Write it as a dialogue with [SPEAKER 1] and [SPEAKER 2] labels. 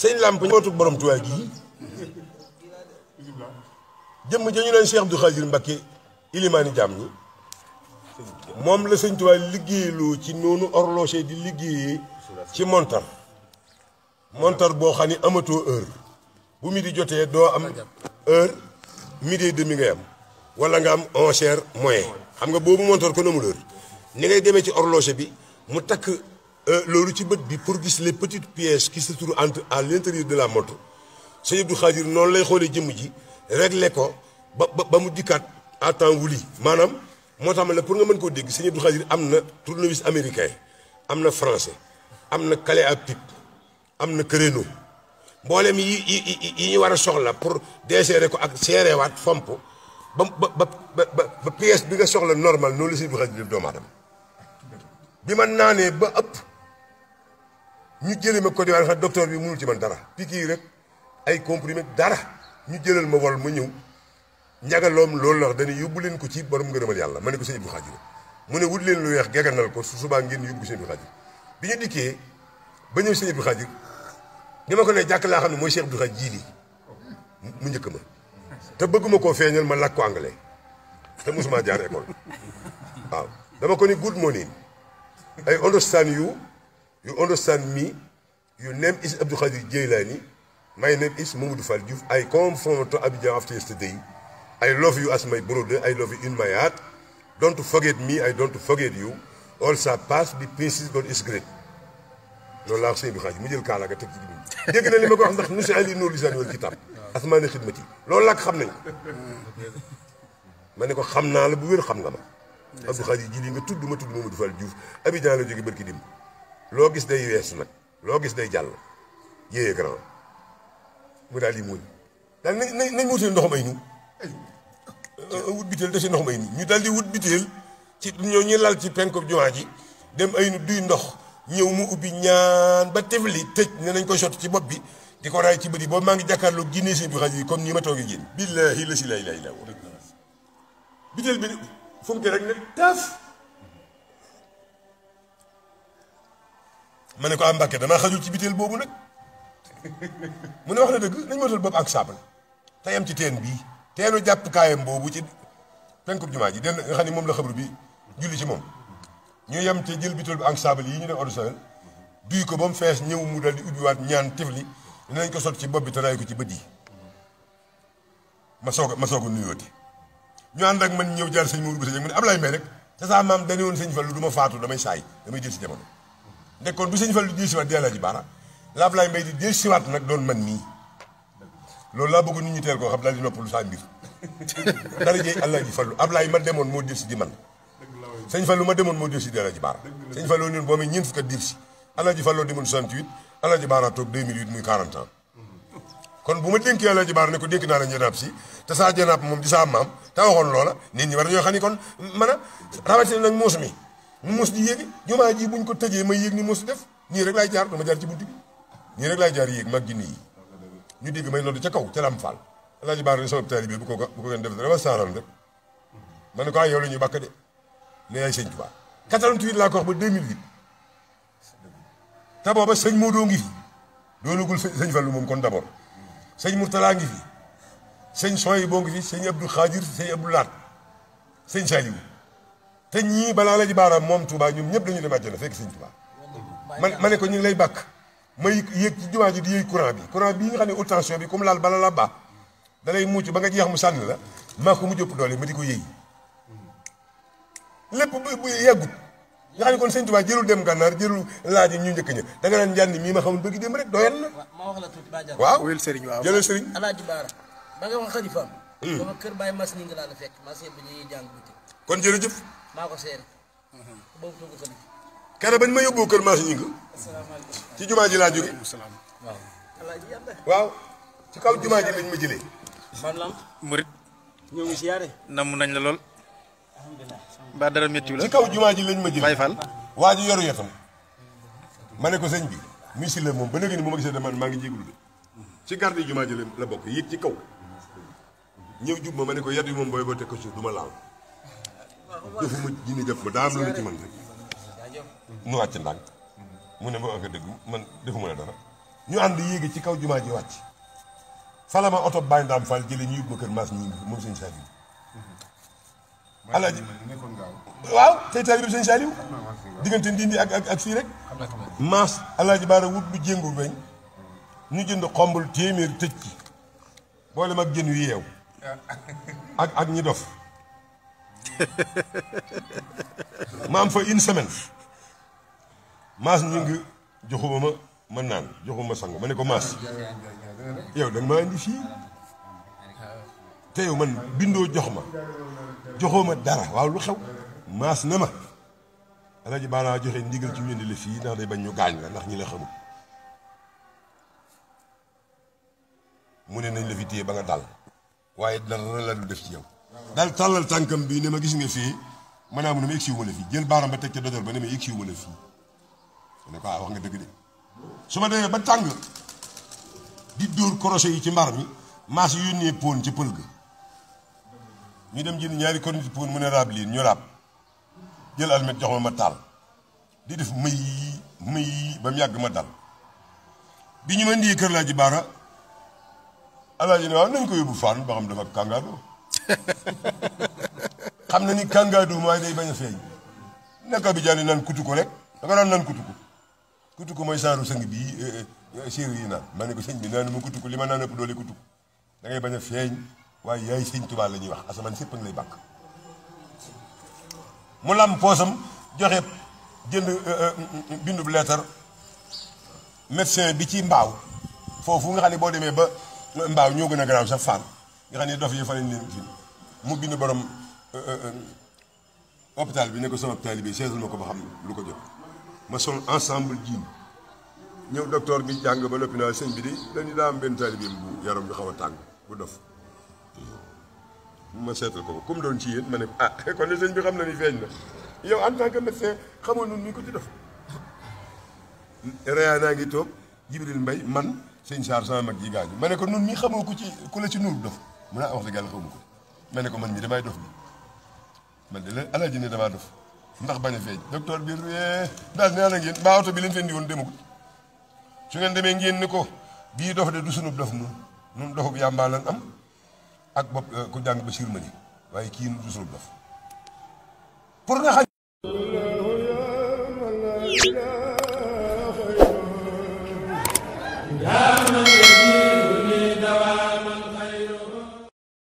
[SPEAKER 1] sëñ làmp njabootu borom Tuubaa gi jëmm ja ñu leen Cheikh Abdou Khadir Mbacké ilimaani jaam ñi moom la sëñ Tuubaa liggéeyloo ci noonu horloger di liggéeyee ci montar montar boo xam ne amatoo heure bu midi jotee doo am heure midi demi ngay am wala nga am onze heures moyen xam nga boobu montar ko amul heure ni ngay demee ci horloger bi mu takk Euh, loolu ci bët bi pour gis les petites pièces qui se trouvent entre à l'intérieur de la moto sëñ Abdou Khadir non lay xoolee jëmm ji réglé ko ba ba mu dikkaat à temps wuli maanaam moo le ma ne pour nga mën koo dégg sëñ Abdou Khadir am tournevis américain am français am na calé à pipe am na créneau mboolem yi yi yi ñu war a soxla pour desserrer ko ak seerewaat fomp ba ba ba ba pièce bi nga soxla normal noonu la sëñ Abdou Khadir def doomu aadama bi ma naanee ba ëpp. ñu jëlé ma ko di wala docteur bi mënul ci man dara piki rek ay comprimé dara ñu jëlal ma wol ma ñëw ñagalom loolu la wax dañuy yóbbu leen ko ci borom ngërëmal yalla mané ko sëñ bi xadi mu ne wut leen lu weex geganal ko su suba ngeen yobul ko sëñ bi xaajir bi ñu dikkee ba ñëw sëñ bi xadi ni ko ne jakk la xamni moy Cheikh Abdou Khadre jii mu ñëk ma te bëgguma ko feeñal ma lakko anglais te musuma jaar école waaw dama ko ni good morning I understand you You understand me? Your name is Abdul Qadir Jailani. My name is Mamoudou Fall Diouf. I come from Abidjan after yesterday. I love you as my brother. I love you in my heart. Don't forget me. I don't forget you. All shall pass. Be peace. God loolu laa wax sëñ bi xaaj mu jël kaala nga teg ci jiw dégg na li ma ko wax ndax monsieur Ali Nour lisaan wal loolu laa ko xam nañ ko. ma ne ko xam naa la bu wér xam nga ma. Abdou Xaadir ji lii nga tudd ma tudd Mamadou loo gis day weesu nag loo gis day jàll yéeye grand mu daal di muñ daal nañ nañ nañ wutal ndox may ñu wut si ndox may ñu ñu daal di wut biteel ci ñoo ñu lal ci ko jumaa ji dem ay nu duy ndox ñëw mu ubbi ñaan ba tefli tëj ne nañ koy sot ci bopp bi di ko raay ci yi boobu maa ngi jàkkaarloo génnee seen bi xaj yi comme nii ma toogee génn billaahi la si lay lay la biteel bi fu mu rek ne taaf ma ne ko am Mbàkke damaa xajul ci biteel boobu nag mu ne wax na dëgg nañ motal bopp ak sable te yem ci teen bii teenu jàppukaayam boobu ci penkub jumaa ji den nga xam ne moom la xabru bi julli ci moom ñu yem ci jël biteel bi ak sable yi ñu def ordusel duy ko ba mu fees ñëw mu dal di ubbiwaat ñaan tifli dinañ ko sot ci bopp bi te raay ko ci bët yi ma soog ma soog a nuyooti ñu ànd ak man ñëw jaar sëñ Maodo Bousso Dieng mu ne Ablaye Mbaye rek te sa maam dañu woon sëñ Fallu du ma faatu damay saay damay jël si jamono de kon bu sëñ Fallu di dellusiwaat di Alaaji Baara la Ablaye Mbaye di dellusiwaat nag doon man laa bëgg nit ñi teel xam daal di noppalu saa mbir dara jëy Alaaji Fallu Ablaye ma demoon moo dellusi di ma demoon moo dellusi di Alaaji Baara sëñ Fallu ñun boo amee ñeent fukk at dellusi Alaaji Fallu demoon 68 Alaaji Baara toog 2008 muy kon bu ma dénkee Alaaji Baara ne ko dénk naa la janaab si te saa janaab moom di saa maam te waxoon loola nit ñi war nañoo xam ni kon man a rawatina nag muus mi mos di yéegi jumaa ji buñ ko tëjee may yéeg ni mos def ñii rek laay jaar dama jaar ci buntu bi ñii rek laay jaar yéeg mag gi nii ñu dégg may noddu ca kaw ca Lam Fall alaaji baar ni sama taalibe bu ko bu ko ngeen def dama saaral rek ma ne ko ah yow la ñuy bàkk de ne yaay sëñ Tuubaa 88 laa ko wax ba 2008 te booba sëñ Modou ngi fi doonagul sëñ Fallou moom kon d'abord sëñ Mourtala ngi fi sëñ Soy boo ngi fi sëñ Abdou Khadir sëñ Abdou Laat sëñ Saliou te ñii balaa la ji baaraam moom Touba ñoom ñëpp dañu dem àjjana fekk sëñ Touba man ma ne ko ñu ngi lay bàkk may yéeg ci jumaa ji di yéeg courant bi courant bi nga xam ne haute tension comme laal bala la baax da lay ba nga jeex mu sànni la maa ko mu jëpp doole ma di ko yéey lépp bu bu yeggut nga xam ne kon sëñ Touba jërul dem gànnaar jërul laaj ñu njëkk ña da nga naan mii ma xamul bëgg dem rek doyan na. ma wax la tuuti ba jàll. waaw wéyal Serigne waaw jëlal Serigne. Alaaji Baara ba nga wax xalifaam. sama hmm. kër Baye Mass ni nga laa la fekk Mass yëpp ñuy jàng kon jërëjëf maa ko seere uh-huh. boobu tugg bañ ma yóbbu kër maa si ñing ci jumaa ji laa jóge waaw ci kaw jumaa ji lañ ma jëlee man lam murit ñëw nañ la lool mbaa dara méttiw la ci kaw jumaa ji lañ ma jëlee bay waa ji yoru ma ne ko sëñ bi muy si la moom ba léegi ni bu ma gisee dama maa ngi jéglu de ci garde jumaa ji la bokk yéeg ci kaw ñëw jub ma ma ne ko yat yi moom booy boo teg ko ci du ma laal defuma jinne def ma daa am lu ma ci nu wàcc ndànk mu ne ma wax dëgg man defuma ne dara ñu ànd yéegi ci kaw jumaa ji wàcc fala ma oto bàyyi ndaam Fall jëlee ñu yóbbu ma kër maas ñi moom sëñ Saliou mhm. alaaji waaw tey taalibe sëñ Saliou diggante ndindi ak ak fii rek maas alaaji baara wut lu jéngu bañ ñu jënd xombul téeméer tëj ci boole mag jën yu yeew ah. ak ak ñi dof ma fa une semaine maas ñu ngi joxuma ma ma naan ma sangu ma ne ko maas yow da nga maa indi fii te yow man bindoo jox ma joxoo ma dara waaw lu xew maas na ma alaji baanaa joxe ndigal ci ñu indi la fii ndax day bañ ñu gaañ la ndax ñi la xamul mu ne nañ la fi téye ba nga dal waaye dara la du def ci yow daal tàllal tànkam bi ne ma gis nga fii ma ne ah mu ne ma egsi ma la fii jël baaram ba teg ca dojal ba ne ma egsi wu ma la fii ne ko ah wax nga dëgg de su ma demee ba tàng di dóor korosé yi ci mbar mi maa si yónnee pon ci pël ga ñu dem jënd ñaari kon ci pon mu ne raab lii ñu raab jël almet jox ma ma taal di def may yi may yi ba mu yàgg ma dal bi ñu ma ndii kër laa ji baara alaaji ne waaw nañ ko yóbbu faan ba xam dafa kàngaadoo xam na ni kàngaay du mooy day bañ a feeñ naka bi jàll naan kutu ko rek da nga daan naan kutu ko kutu ko mooy saaru sang bi eh, eh, eh, séeréer yi naan ma ne ko sëñ bi naan ma kutu ko li ma naan ëpp doole kutu ko da ngay bañ a feeñ waaye yaay sëñ Tuubaa la ñuy wax asamaan sépp a ngi lay bàkk mu lam poosam joxe jënd mm, mm, mm, bindub leetar médecin bi ci mbaaw foofu nga xam ne boo demee ba mbaaw ñoo gën a garaaw sax Fann nga xam dof yi fa lañ mu bind borom euh, euh, euh, hôpital bi ne ko sama hôpital bi seetal ma ko ba xam lu ko jot ma sol ensemble jiin ñëw docteur bi jàng ba loppi naa sëñ bi di dañu daa am benn taalibeem bu yaram bi xaw a tàng bu dof ma seetal ko comme doon ci yéen ma ne ah kon de bi xam na ni feeñ na yow en tant que médecin xamoon nun ni ko ci dof reyaa naa ngi toog Jibril Mbay man sëñ Saar ji gaañu ma ne ko nun mi xamoo ku ci ku la ci nuur dof mun naa ah wax dëgg yàlla xaw ko ma ne ko man mii damay dof ma man de la alaaji ne damaa dof ndax bañ a feeñ docteur bi eh, daal nee na ngeen ba oto bi leen fi indi woon demagul su ngeen demee ngeen ni ko bii dof de du sunub dof nun nun doxub yàmbaa lan am ak bopp eh, ku jàng ba siir ma ni waaye kii du sunub dof pour nga